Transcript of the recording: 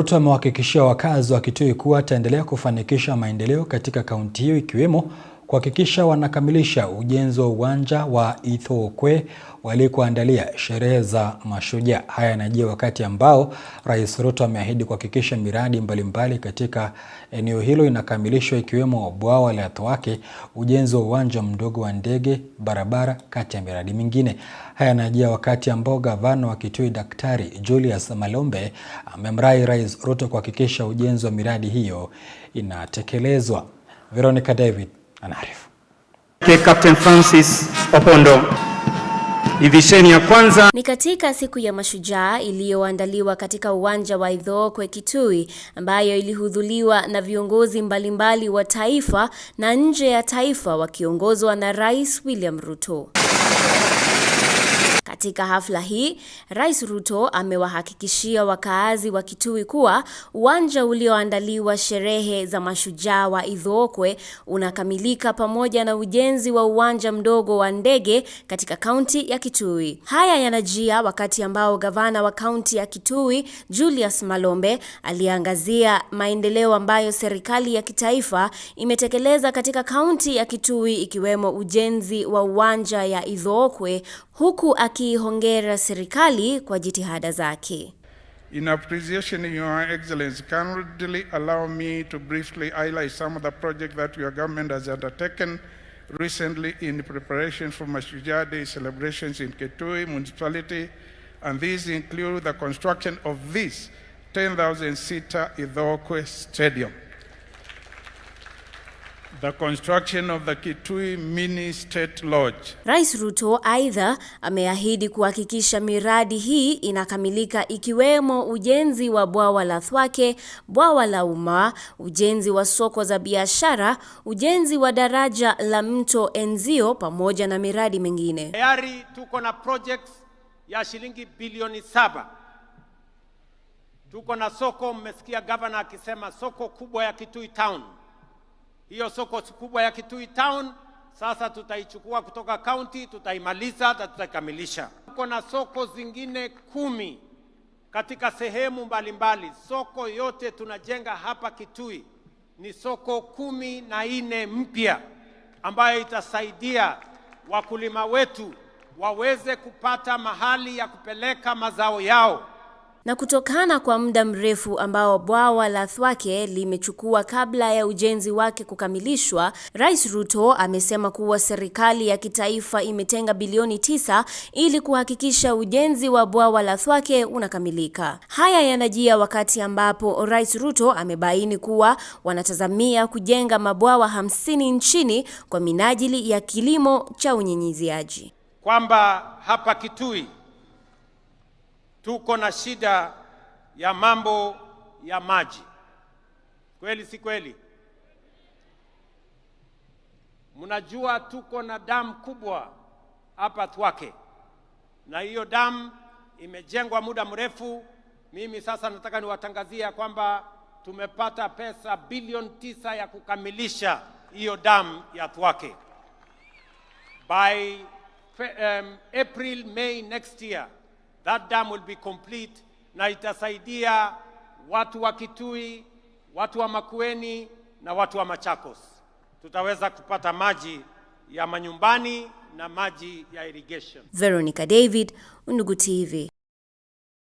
Ruto amewahakikishia wakazi wa Kitui kuwa ataendelea kufanikisha maendeleo katika kaunti hiyo ikiwemo kuhakikisha wanakamilisha ujenzi wa uwanja wa Ithookwe walikoandalia sherehe za mashujaa. Haya yanajia wakati ambao Rais Ruto ameahidi kuhakikisha miradi mbalimbali katika eneo hilo inakamilishwa ikiwemo bwawa la Thwake, ujenzi wa uwanja mdogo wa ndege, barabara kati ya miradi mingine. Haya yanajia wakati ambao gavana wa Kitui Daktari Julius Malombe amemrai Rais Ruto kuhakikisha ujenzi wa miradi hiyo inatekelezwa. Veronica David anaarifu. Captain Francis Opondo. Divisheni ya kwanza ni katika siku ya mashujaa iliyoandaliwa katika uwanja wa Ithookwe Kitui, ambayo ilihudhuliwa na viongozi mbalimbali wa taifa na nje ya taifa wakiongozwa na Rais William Ruto. Katika hafla hii, Rais Ruto amewahakikishia wakaazi wa Kitui kuwa uwanja ulioandaliwa sherehe za mashujaa wa Ithookwe unakamilika pamoja na ujenzi wa uwanja mdogo wa ndege katika kaunti ya Kitui. Haya yanajia wakati ambao gavana wa kaunti ya Kitui Julius Malombe aliangazia maendeleo ambayo serikali ya kitaifa imetekeleza katika kaunti ya Kitui ikiwemo ujenzi wa uwanja ya Ithookwe huku akihongera serikali kwa jitihada zake. In appreciation your excellency kindly allow me to briefly highlight some of the projects that your government has undertaken recently in preparation for Mashujaa Day celebrations in Kitui municipality and these include the construction of this 10,000 seater Idhokwe stadium The construction of the Kitui Mini State Lodge. Rais Ruto aidha ameahidi kuhakikisha miradi hii inakamilika ikiwemo ujenzi wa bwawa la Thwake, bwawa la Umma, ujenzi wa soko za biashara, ujenzi wa daraja la mto Enzio pamoja na miradi mingine. Tayari tuko na projects ya shilingi bilioni saba. Tuko na soko, mmesikia governor akisema soko kubwa ya Kitui Town hiyo soko kubwa ya Kitui Town sasa tutaichukua kutoka kaunti, tutaimaliza na tutakamilisha. Tuko na soko zingine kumi katika sehemu mbalimbali mbali. Soko yote tunajenga hapa Kitui ni soko kumi na nne mpya ambayo itasaidia wakulima wetu waweze kupata mahali ya kupeleka mazao yao na kutokana kwa muda mrefu ambao bwawa la Thwake limechukua kabla ya ujenzi wake kukamilishwa, Rais Ruto amesema kuwa serikali ya kitaifa imetenga bilioni tisa ili kuhakikisha ujenzi wa bwawa la Thwake unakamilika. Haya yanajia wakati ambapo Rais Ruto amebaini kuwa wanatazamia kujenga mabwawa hamsini nchini kwa minajili ya kilimo cha unyinyiziaji, kwamba hapa Kitui tuko na shida ya mambo ya maji. Kweli si kweli? Mnajua tuko na damu kubwa hapa Thwake, na hiyo damu imejengwa muda mrefu. Mimi sasa nataka niwatangazia kwamba tumepata pesa bilioni tisa ya kukamilisha hiyo damu ya Thwake by um, April May next year that dam will be complete, na itasaidia watu wa Kitui, watu wa Makueni na watu wa Machakos, tutaweza kupata maji ya manyumbani na maji ya irrigation. Veronica David, Undugu TV.